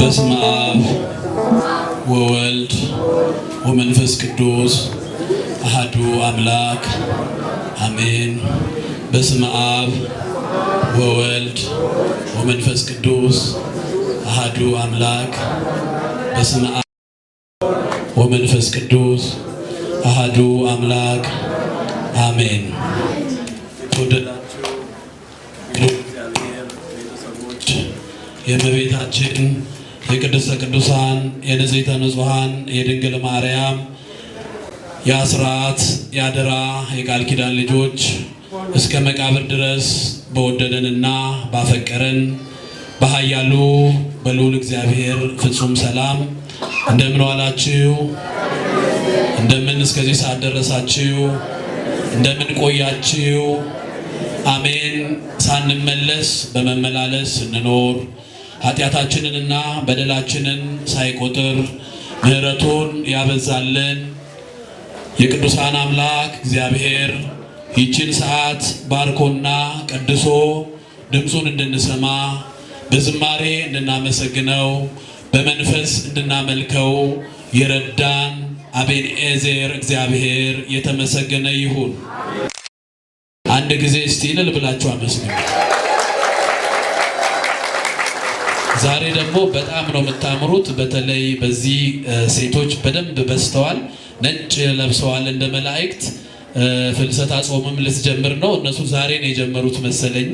በስመ አብ ወወልድ ወመንፈስ ቅዱስ አህዱ አምላክ አሜን። በስመ አብ ወወልድ ወመንፈስ ቅዱስ አሐዱ አምላክ። በስመ አብ ወመንፈስ ቅዱስ አህዱ አምላክ አሜን። ተወደዳችሁ የእመቤታችን የቅድስተ ቅዱሳን የንጽሕተ ንጹሐን የድንግል ማርያም የአስራት የአደራ የቃል ኪዳን ልጆች እስከ መቃብር ድረስ በወደደንና ባፈቀረን በኃያሉ በልዑል እግዚአብሔር ፍጹም ሰላም እንደምን ዋላችሁ? እንደምን እስከዚህ ሰዓት ደረሳችሁ? እንደምን ቆያችሁ? አሜን። ሳንመለስ በመመላለስ ስንኖር ኃጢአታችንንና በደላችንን ሳይቆጥር ምሕረቱን ያበዛልን የቅዱሳን አምላክ እግዚአብሔር ይችን ሰዓት ባርኮና ቀድሶ ድምፁን እንድንሰማ በዝማሬ እንድናመሰግነው በመንፈስ እንድናመልከው የረዳን አቤንኤዘር እግዚአብሔር የተመሰገነ ይሁን። አንድ ጊዜ እስቲ እልል ብላችሁ አመስግኑ። ዛሬ ደግሞ በጣም ነው የምታምሩት። በተለይ በዚህ ሴቶች በደንብ በዝተዋል። ነጭ ለብሰዋል እንደ መላእክት። ፍልሰታ ጾምም ልትጀምር ነው። እነሱ ዛሬ ነው የጀመሩት መሰለኝ።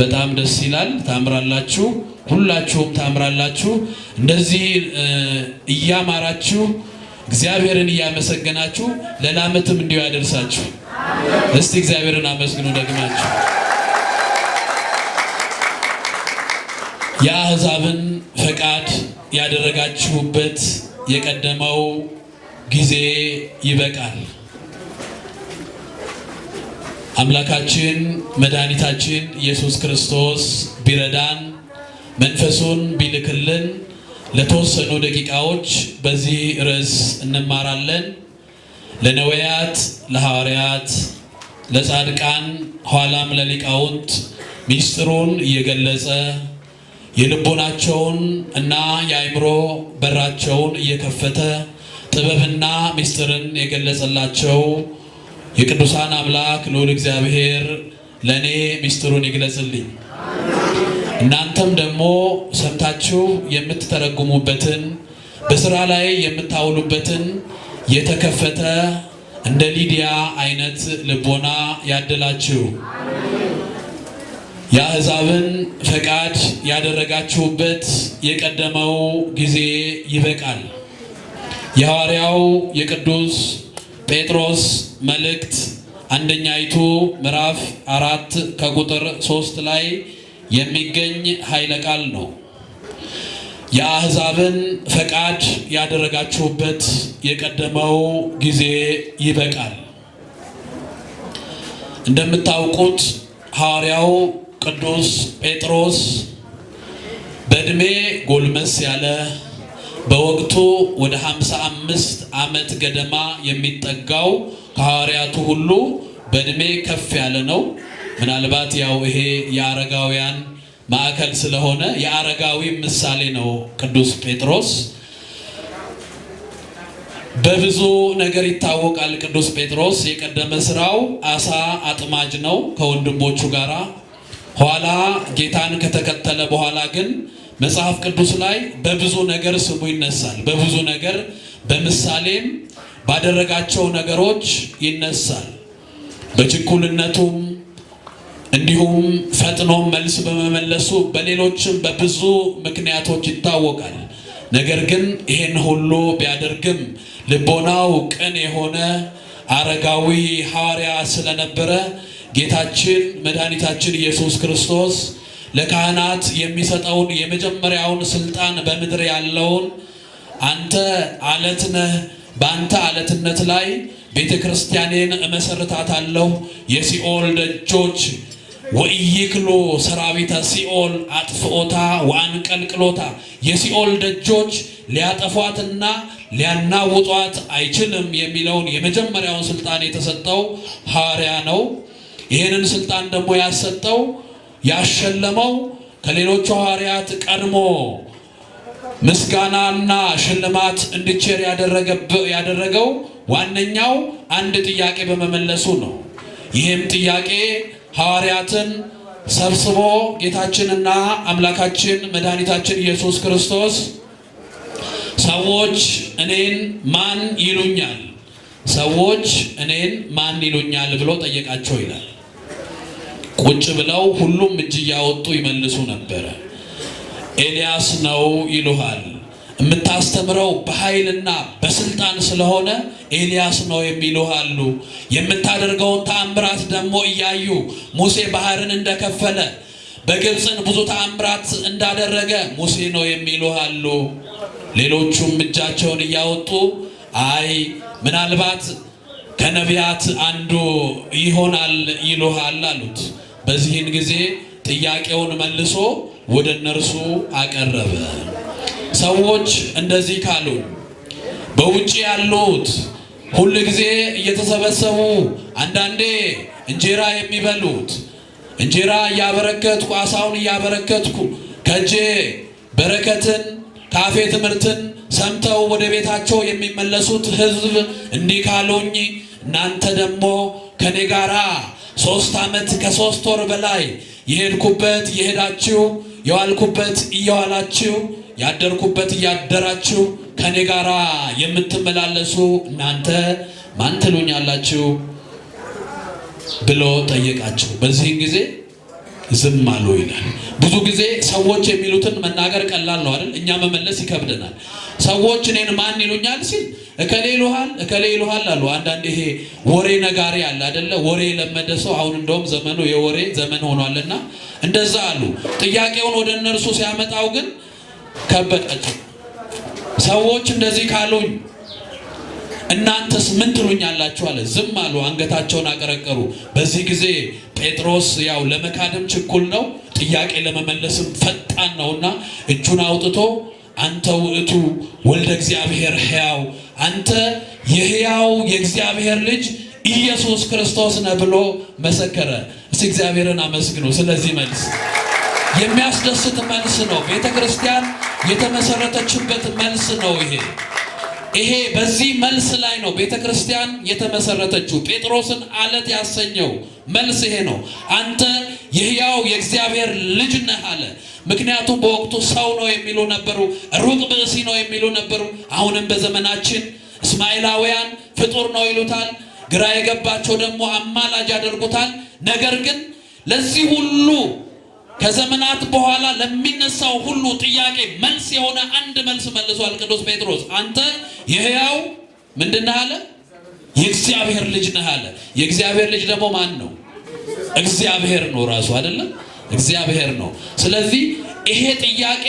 በጣም ደስ ይላል። ታምራላችሁ፣ ሁላችሁም ታምራላችሁ። እንደዚህ እያማራችሁ እግዚአብሔርን እያመሰገናችሁ ለላመትም እንዲሁ ያደርሳችሁ። እስቲ እግዚአብሔርን አመስግኑ ደግማችሁ የአሕዛብን ፈቃድ ያደረጋችሁበት የቀደመው ጊዜ ይበቃል። አምላካችን መድኃኒታችን ኢየሱስ ክርስቶስ ቢረዳን መንፈሱን ቢልክልን ለተወሰኑ ደቂቃዎች በዚህ ርዕስ እንማራለን። ለነወያት፣ ለሐዋርያት፣ ለጻድቃን ኋላም ለሊቃውንት ሚስጥሩን እየገለጸ የልቦናቸውን እና የአእምሮ በራቸውን እየከፈተ ጥበብና ምስጢርን የገለጸላቸው የቅዱሳን አምላክ ልዑል እግዚአብሔር ለእኔ ምስጢሩን ይግለጽልኝ። እናንተም ደግሞ ሰምታችሁ የምትተረጉሙበትን በስራ ላይ የምታውሉበትን የተከፈተ እንደ ሊዲያ አይነት ልቦና ያደላችሁ የአሕዛብን ፈቃድ ያደረጋችሁበት የቀደመው ጊዜ ይበቃል። የሐዋርያው የቅዱስ ጴጥሮስ መልእክት አንደኛይቱ ምዕራፍ አራት ከቁጥር ሶስት ላይ የሚገኝ ኃይለ ቃል ነው። የአሕዛብን ፈቃድ ያደረጋችሁበት የቀደመው ጊዜ ይበቃል። እንደምታውቁት ሐዋርያው ቅዱስ ጴጥሮስ በእድሜ ጎልመስ ያለ በወቅቱ ወደ 55 ዓመት ገደማ የሚጠጋው ከሐዋርያቱ ሁሉ በእድሜ ከፍ ያለ ነው። ምናልባት ያው ይሄ የአረጋውያን ማዕከል ስለሆነ የአረጋዊ ምሳሌ ነው ቅዱስ ጴጥሮስ። በብዙ ነገር ይታወቃል ቅዱስ ጴጥሮስ። የቀደመ ስራው አሳ አጥማጅ ነው ከወንድሞቹ ጋራ ኋላ ጌታን ከተከተለ በኋላ ግን መጽሐፍ ቅዱስ ላይ በብዙ ነገር ስሙ ይነሳል። በብዙ ነገር በምሳሌም ባደረጋቸው ነገሮች ይነሳል። በችኩልነቱም እንዲሁም ፈጥኖ መልስ በመመለሱ በሌሎችም በብዙ ምክንያቶች ይታወቃል። ነገር ግን ይህን ሁሉ ቢያደርግም ልቦናው ቅን የሆነ አረጋዊ ሐዋርያ ስለነበረ ጌታችን መድኃኒታችን ኢየሱስ ክርስቶስ ለካህናት የሚሰጠውን የመጀመሪያውን ስልጣን በምድር ያለውን አንተ አለት ነህ፣ በአንተ አለትነት ላይ ቤተ ክርስቲያኔን እመሰርታታለሁ፣ የሲኦል ደጆች ወኢይክሎ ሰራዊተ ሲኦል አጥፍኦታ ወአንቀልቅሎታ፣ የሲኦል ደጆች ሊያጠፏትና ሊያናውጧት አይችልም የሚለውን የመጀመሪያውን ስልጣን የተሰጠው ሐዋርያ ነው። ይህንን ስልጣን ደግሞ ያሰጠው ያሸለመው ከሌሎቹ ሐዋርያት ቀድሞ ምስጋናና ሽልማት እንዲቸር ያደረገው ዋነኛው አንድ ጥያቄ በመመለሱ ነው። ይህም ጥያቄ ሐዋርያትን ሰብስቦ ጌታችንና አምላካችን መድኃኒታችን ኢየሱስ ክርስቶስ ሰዎች እኔን ማን ይሉኛል? ሰዎች እኔን ማን ይሉኛል ብሎ ጠየቃቸው ይላል። ቁጭ ብለው ሁሉም እጅ እያወጡ ይመልሱ ነበረ። ኤልያስ ነው ይሉሃል። የምታስተምረው በኃይልና በስልጣን ስለሆነ ኤልያስ ነው የሚሉሃሉ። አሉ። የምታደርገውን ተአምራት ደግሞ እያዩ ሙሴ ባህርን እንደከፈለ በግብፅን ብዙ ተአምራት እንዳደረገ ሙሴ ነው የሚሉሃሉ። ሌሎቹም እጃቸውን እያወጡ አይ ምናልባት ከነቢያት አንዱ ይሆናል ይሉሃል አሉት። በዚህን ጊዜ ጥያቄውን መልሶ ወደ እነርሱ አቀረበ። ሰዎች እንደዚህ ካሉ በውጭ ያሉት ሁል ጊዜ እየተሰበሰቡ አንዳንዴ እንጀራ የሚበሉት እንጀራ እያበረከትኩ አሳውን እያበረከትኩ ከእጄ በረከትን ካፌ ትምህርትን ሰምተው ወደ ቤታቸው የሚመለሱት ሕዝብ እንዲህ ካሉኝ እናንተ ደግሞ ከኔ ጋራ ሶስት ዓመት ከሶስት ወር በላይ የሄድኩበት የሄዳችሁ የዋልኩበት እየዋላችሁ ያደርኩበት እያደራችሁ ከኔ ጋር የምትመላለሱ እናንተ ማን ትሉኛላችሁ ብሎ ጠየቃቸው። በዚህን ጊዜ ዝም አሉ ይላል። ብዙ ጊዜ ሰዎች የሚሉትን መናገር ቀላል ነው አይደል? እኛ መመለስ ይከብደናል። ሰዎች እኔን ማን ይሉኛል ሲል እከሌ ይሉሃል፣ እከሌ ይሉሃል አሉ። አንዳንድ ይሄ ወሬ ነጋሪ አለ አይደለ? ወሬ የለመደ ሰው አሁን እንደውም ዘመኑ የወሬ ዘመን ሆኗልና እንደዛ አሉ። ጥያቄውን ወደ እነርሱ ሲያመጣው ግን ከበዳቸው። ሰዎች እንደዚህ ካሉኝ እናንተስ ምን ትሉኛላችሁ አለ። ዝም አሉ፣ አንገታቸውን አቀረቀሩ። በዚህ ጊዜ ጴጥሮስ ያው ለመካደም ችኩል ነው፣ ጥያቄ ለመመለስም ፈጣን ነውና እጁን አውጥቶ አንተ ውእቱ ወልደ እግዚአብሔር ሕያው አንተ የሕያው የእግዚአብሔር ልጅ ኢየሱስ ክርስቶስ ነህ ብሎ መሰከረ። እስ እግዚአብሔርን አመስግኑ። ስለዚህ መልስ የሚያስደስት መልስ ነው። ቤተ ክርስቲያን የተመሰረተችበት መልስ ነው ይሄ። ይሄ በዚህ መልስ ላይ ነው ቤተ ክርስቲያን የተመሰረተችው። ጴጥሮስን አለት ያሰኘው መልስ ይሄ ነው። አንተ የሕያው የእግዚአብሔር ልጅ ነህ አለ። ምክንያቱም በወቅቱ ሰው ነው የሚሉ ነበሩ፣ ሩቅ ብእሲ ነው የሚሉ ነበሩ። አሁንም በዘመናችን እስማኤላውያን ፍጡር ነው ይሉታል፣ ግራ የገባቸው ደግሞ አማላጅ ያደርጉታል። ነገር ግን ለዚህ ሁሉ ከዘመናት በኋላ ለሚነሳው ሁሉ ጥያቄ መልስ የሆነ አንድ መልስ መልሷል ቅዱስ ጴጥሮስ። አንተ የህያው ምንድን ነህ አለ? የእግዚአብሔር ልጅ ነህ አለ። የእግዚአብሔር ልጅ ደግሞ ማን ነው? እግዚአብሔር ነው ራሱ አይደለም፣ እግዚአብሔር ነው። ስለዚህ ይሄ ጥያቄ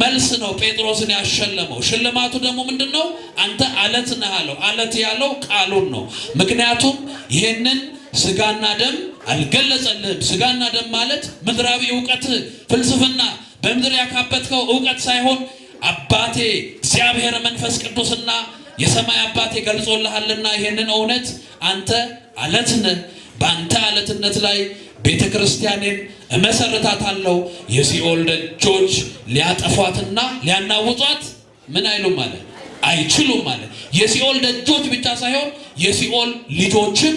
መልስ ነው ጴጥሮስን ያሸለመው። ሽልማቱ ደግሞ ምንድን ነው? አንተ አለት ነህ አለው። አለት ያለው ቃሉን ነው። ምክንያቱም ይህንን ስጋና ደም አልገለጸልህም። ስጋና ደም ማለት ምድራዊ እውቀት፣ ፍልስፍና፣ በምድር ያካበትከው እውቀት ሳይሆን አባቴ እግዚአብሔር መንፈስ ቅዱስና የሰማይ አባቴ ገልጾልሃልና ይሄንን እውነት አንተ አለትን በአንተ አለትነት ላይ ቤተ ክርስቲያኔን እመሰርታታለሁ። የሲኦል ደጆች ሊያጠፏትና ሊያናውጧት ምን አይሉም ማለት አይችሉም ማለት የሲኦል ደጆች ብቻ ሳይሆን የሲኦል ልጆችን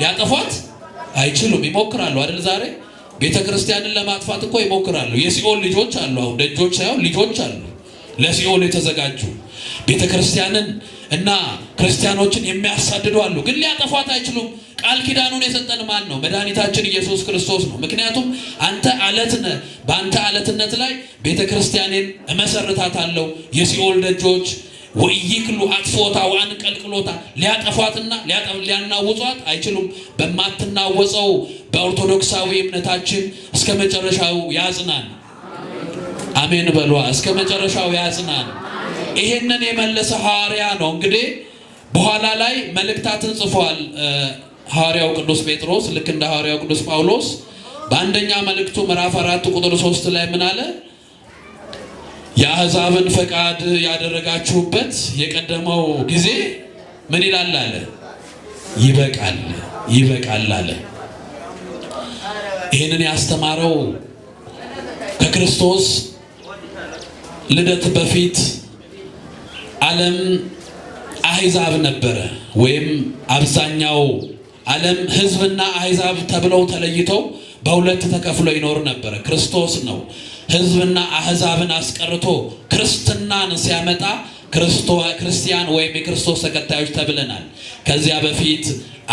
ሊያጠፏት አይችሉም። ይሞክራሉ አይደል? ዛሬ ቤተ ክርስቲያንን ለማጥፋት እኮ ይሞክራሉ። የሲኦል ልጆች አሉ። አሁን ደጆች ሳይሆን ልጆች አሉ፣ ለሲኦል የተዘጋጁ ቤተ ክርስቲያንን እና ክርስቲያኖችን የሚያሳድዱ አሉ። ግን ሊያጠፏት አይችሉም። ቃል ኪዳኑን የሰጠን ማን ነው? መድኃኒታችን ኢየሱስ ክርስቶስ ነው። ምክንያቱም አንተ አለትነ በአንተ አለትነት ላይ ቤተ ክርስቲያኔን እመሰርታታለሁ የሲኦል ደጆች ወይክሉ አጥፎታ ዋን ቀልቅሎታ ሊያጠፏትና ሊያናውጿት አይችሉም። በማትናወጸው በኦርቶዶክሳዊ እምነታችን እስከ መጨረሻው ያጽናን። አሜን በሏ። እስከ መጨረሻው ያጽናን። ይሄንን የመለሰ ሐዋርያ ነው። እንግዲህ በኋላ ላይ መልእክታትን ጽፏል ሐዋርያው ቅዱስ ጴጥሮስ ልክ እንደ ሐዋርያው ቅዱስ ጳውሎስ በአንደኛ መልእክቱ ምዕራፍ አራት ቁጥር ሶስት ላይ ምን አለ? የአሕዛብን ፈቃድ ያደረጋችሁበት የቀደመው ጊዜ ምን ይላል አለ? ይበቃል ይበቃል አለ። ይህንን ያስተማረው ከክርስቶስ ልደት በፊት ዓለም አሕዛብ ነበረ፣ ወይም አብዛኛው ዓለም ህዝብና አሕዛብ ተብለው ተለይተው በሁለት ተከፍሎ ይኖር ነበረ። ክርስቶስ ነው ህዝብና አህዛብን አስቀርቶ ክርስትናን ሲያመጣ ክርስቲያን ወይም የክርስቶስ ተከታዮች ተብለናል። ከዚያ በፊት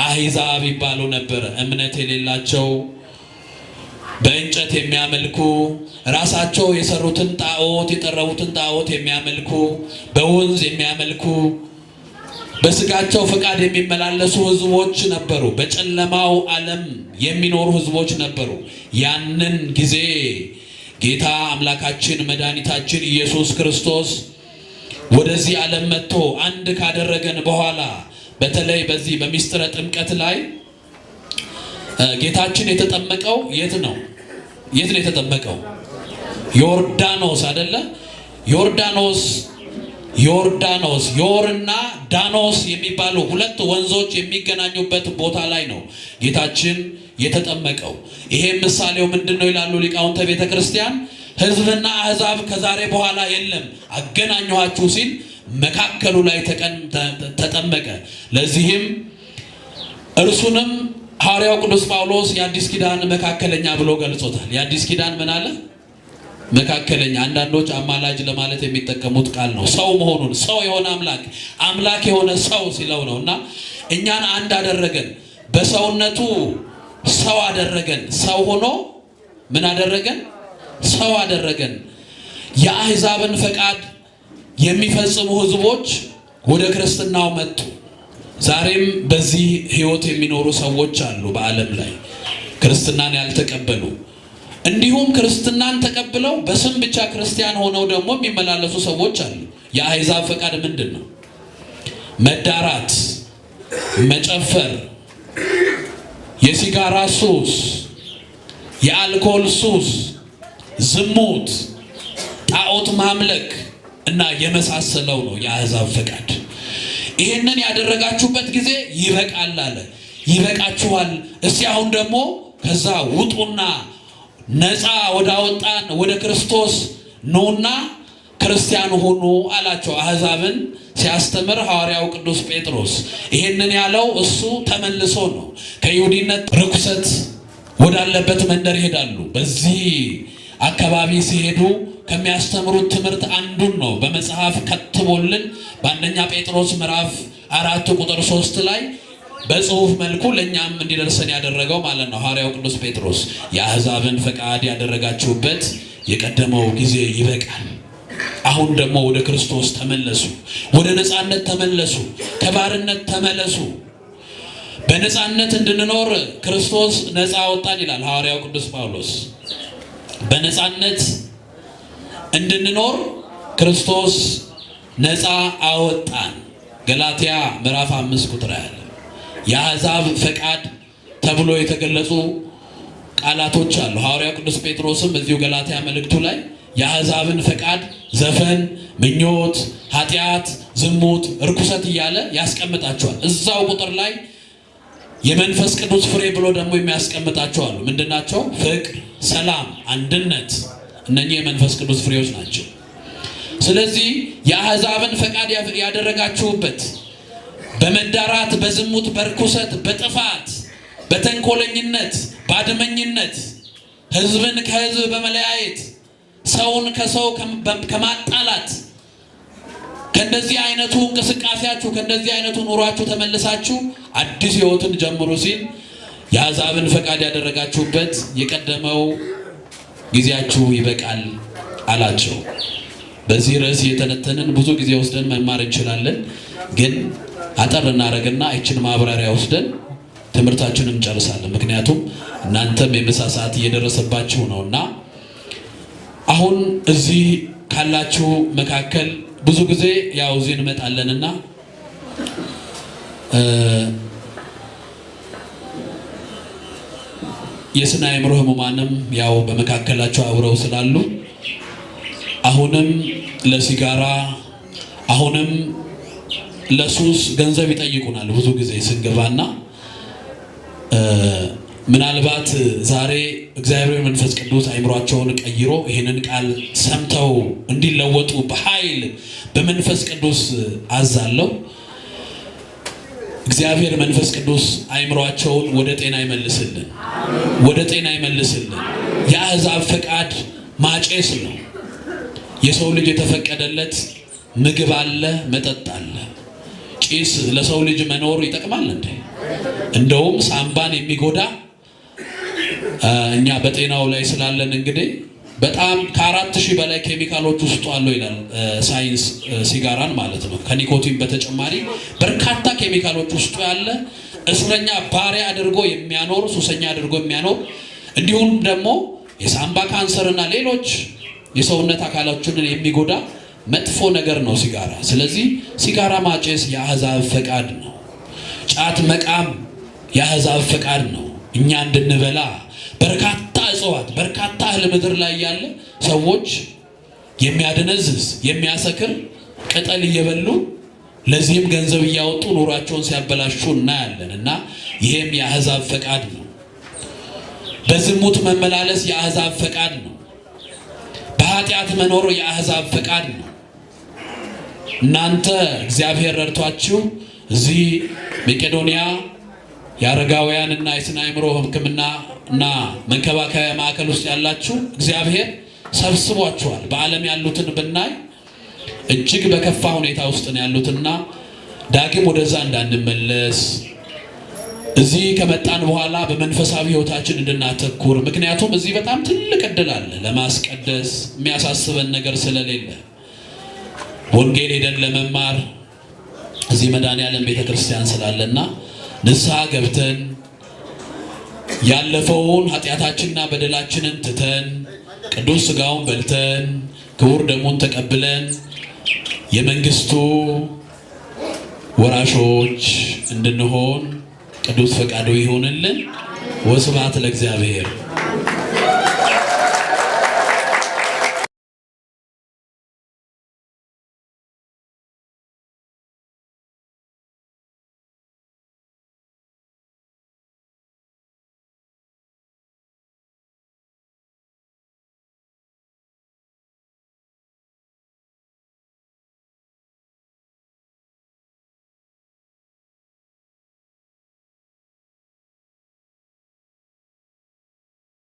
አህዛብ ይባሉ ነበር። እምነት የሌላቸው በእንጨት የሚያመልኩ ራሳቸው የሰሩትን ጣዖት የጠረቡትን ጣዖት የሚያመልኩ በወንዝ የሚያመልኩ በስጋቸው ፈቃድ የሚመላለሱ ህዝቦች ነበሩ። በጨለማው ዓለም የሚኖሩ ህዝቦች ነበሩ። ያንን ጊዜ ጌታ አምላካችን መድኃኒታችን ኢየሱስ ክርስቶስ ወደዚህ ዓለም መጥቶ አንድ ካደረገን በኋላ በተለይ በዚህ በሚስጥረ ጥምቀት ላይ ጌታችን የተጠመቀው የት ነው? የት ነው የተጠመቀው? ዮርዳኖስ አይደለ? ዮርዳኖስ ዮርዳኖስ ዮርና ዳኖስ የሚባሉ ሁለት ወንዞች የሚገናኙበት ቦታ ላይ ነው ጌታችን የተጠመቀው። ይሄ ምሳሌው ምንድን ነው ይላሉ ሊቃውንተ ቤተ ክርስቲያን። አህዛብ ከዛሬ በኋላ የለም አገናኘኋችሁ ሲል መካከሉ ላይ ተጠመቀ። ለዚህም እርሱንም ሐዋርያው ቅዱስ ጳውሎስ የአዲስ ኪዳን መካከለኛ ብሎ ገልጾታል። የአዲስ ኪዳን ምን አለ? መካከለኛ። አንዳንዶች አማላጅ ለማለት የሚጠቀሙት ቃል ነው። ሰው መሆኑን ሰው የሆነ አምላክ አምላክ የሆነ ሰው ሲለው ነው እና እኛን አንድ አደረገን በሰውነቱ ሰው አደረገን። ሰው ሆኖ ምን አደረገን? ሰው አደረገን። የአሕዛብን ፈቃድ የሚፈጽሙ ህዝቦች ወደ ክርስትናው መጡ። ዛሬም በዚህ ህይወት የሚኖሩ ሰዎች አሉ በዓለም ላይ ክርስትናን ያልተቀበሉ እንዲሁም ክርስትናን ተቀብለው በስም ብቻ ክርስቲያን ሆነው ደግሞ የሚመላለሱ ሰዎች አሉ። የአሕዛብ ፈቃድ ምንድን ነው? መዳራት፣ መጨፈር የሲጋራ ሱስ፣ የአልኮል ሱስ፣ ዝሙት፣ ጣዖት ማምለክ እና የመሳሰለው ነው የአሕዛብ ፈቃድ። ይህንን ያደረጋችሁበት ጊዜ ይበቃል አለ። ይበቃችኋል። እስቲ አሁን ደግሞ ከዛ ውጡና ነፃ ወዳወጣን ወደ ክርስቶስ ነውና ክርስቲያን ሁኑ አላቸው። አህዛብን ሲያስተምር ሐዋርያው ቅዱስ ጴጥሮስ ይሄንን ያለው እሱ ተመልሶ ነው። ከይሁዲነት ርኩሰት ወዳለበት መንደር ይሄዳሉ። በዚህ አካባቢ ሲሄዱ ከሚያስተምሩት ትምህርት አንዱን ነው በመጽሐፍ ከትቦልን በአንደኛ ጴጥሮስ ምዕራፍ አራት ቁጥር ሶስት ላይ በጽሁፍ መልኩ ለእኛም እንዲደርሰን ያደረገው ማለት ነው ሐዋርያው ቅዱስ ጴጥሮስ የአህዛብን ፈቃድ ያደረጋችሁበት የቀደመው ጊዜ ይበቃል አሁን ደግሞ ወደ ክርስቶስ ተመለሱ፣ ወደ ነፃነት ተመለሱ፣ ከባርነት ተመለሱ። በነፃነት እንድንኖር ክርስቶስ ነፃ አወጣን ይላል ሐዋርያው ቅዱስ ጳውሎስ። በነፃነት እንድንኖር ክርስቶስ ነፃ አወጣን። ገላትያ ምዕራፍ አምስት ቁጥር ያለ የአሕዛብ ፈቃድ ተብሎ የተገለጹ ቃላቶች አሉ። ሐዋርያው ቅዱስ ጴጥሮስም በዚሁ ገላትያ መልእክቱ ላይ የአሕዛብን ፈቃድ ዘፈን፣ ምኞት፣ ኃጢአት፣ ዝሙት፣ እርኩሰት እያለ ያስቀምጣቸዋል። እዛው ቁጥር ላይ የመንፈስ ቅዱስ ፍሬ ብሎ ደግሞ የሚያስቀምጣቸዋል ምንድናቸው? ፍቅር፣ ሰላም፣ አንድነት። እነኚህ የመንፈስ ቅዱስ ፍሬዎች ናቸው። ስለዚህ የአህዛብን ፈቃድ ያደረጋችሁበት በመዳራት በዝሙት በርኩሰት በጥፋት በተንኮለኝነት በአድመኝነት ህዝብን ከህዝብ በመለያየት ሰውን ከሰው ከማጣላት ከእንደዚህ አይነቱ እንቅስቃሴያችሁ ከእንደዚህ አይነቱ ኑሯችሁ ተመልሳችሁ አዲስ ህይወትን ጀምሩ ሲል የአሕዛብን ፈቃድ ያደረጋችሁበት የቀደመው ጊዜያችሁ ይበቃል አላቸው። በዚህ ርዕስ የተነተንን ብዙ ጊዜ ወስደን መማር እንችላለን፣ ግን አጠር እናደርግና አይችን ማብራሪያ ወስደን ትምህርታችንን እንጨርሳለን። ምክንያቱም እናንተም የምሳ ሰዓት እየደረሰባችሁ ነውና አሁን እዚህ ካላችሁ መካከል ብዙ ጊዜ ያው እዚህ እንመጣለንና የስነ አእምሮ ህሙማንም ያው በመካከላቸው አብረው ስላሉ አሁንም ለሲጋራ አሁንም ለሱስ ገንዘብ ይጠይቁናል ብዙ ጊዜ ስንገባና ምናልባት ዛሬ እግዚአብሔር መንፈስ ቅዱስ አእምሯቸውን ቀይሮ ይህንን ቃል ሰምተው እንዲለወጡ በኃይል በመንፈስ ቅዱስ አዛለው። እግዚአብሔር መንፈስ ቅዱስ አእምሯቸውን ወደ ጤና ይመልስልን፣ ወደ ጤና ይመልስልን። የአሕዛብ ፈቃድ ማጨስ ነው። የሰው ልጅ የተፈቀደለት ምግብ አለ፣ መጠጥ አለ። ጭስ ለሰው ልጅ መኖር ይጠቅማል እንዴ? እንደውም ሳምባን የሚጎዳ እኛ በጤናው ላይ ስላለን እንግዲህ በጣም ከአራት ሺህ በላይ ኬሚካሎች ውስጡ አለው ይላል ሳይንስ ሲጋራን ማለት ነው። ከኒኮቲን በተጨማሪ በርካታ ኬሚካሎች ውስጡ ያለ እስረኛ ባሪያ አድርጎ የሚያኖር ሱሰኛ አድርጎ የሚያኖር እንዲሁም ደግሞ የሳምባ እና ሌሎች የሰውነት አካላችንን የሚጎዳ መጥፎ ነገር ነው ሲጋራ። ስለዚህ ሲጋራ ማጨስ የአህዛብ ፈቃድ ነው። ጫት መቃም የአህዛብ ፈቃድ ነው። እኛ እንድንበላ በርካታ እጽዋት፣ በርካታ እህል ምድር ላይ ያለ ሰዎች የሚያደነዝዝ የሚያሰክር ቅጠል እየበሉ ለዚህም ገንዘብ እያወጡ ኑሯቸውን ሲያበላሹ እናያለን እና ይህም የአህዛብ ፈቃድ ነው። በዝሙት መመላለስ የአህዛብ ፈቃድ ነው። በኃጢአት መኖር የአህዛብ ፈቃድ ነው። እናንተ እግዚአብሔር ረድቷችሁ እዚህ መቄዶንያ የአረጋውያንና የስነ አእምሮ ሕክምና እና መንከባከያ ማዕከል ውስጥ ያላችሁ እግዚአብሔር ሰብስቧችኋል። በዓለም ያሉትን ብናይ እጅግ በከፋ ሁኔታ ውስጥ ነው ያሉትና ዳግም ወደዛ እንዳንመለስ እዚህ ከመጣን በኋላ በመንፈሳዊ ህይወታችን እንድናተኩር። ምክንያቱም እዚህ በጣም ትልቅ እድል አለ ለማስቀደስ የሚያሳስበን ነገር ስለሌለ ወንጌል ሄደን ለመማር እዚህ መድኃኔዓለም ቤተክርስቲያን ስላለና ንስሐ ገብተን ያለፈውን ኃጢአታችንና በደላችንን ትተን ቅዱስ ስጋውን በልተን ክቡር ደሙን ተቀብለን የመንግስቱ ወራሾች እንድንሆን ቅዱስ ፈቃዱ ይሁንልን። ወስብሐት ለእግዚአብሔር።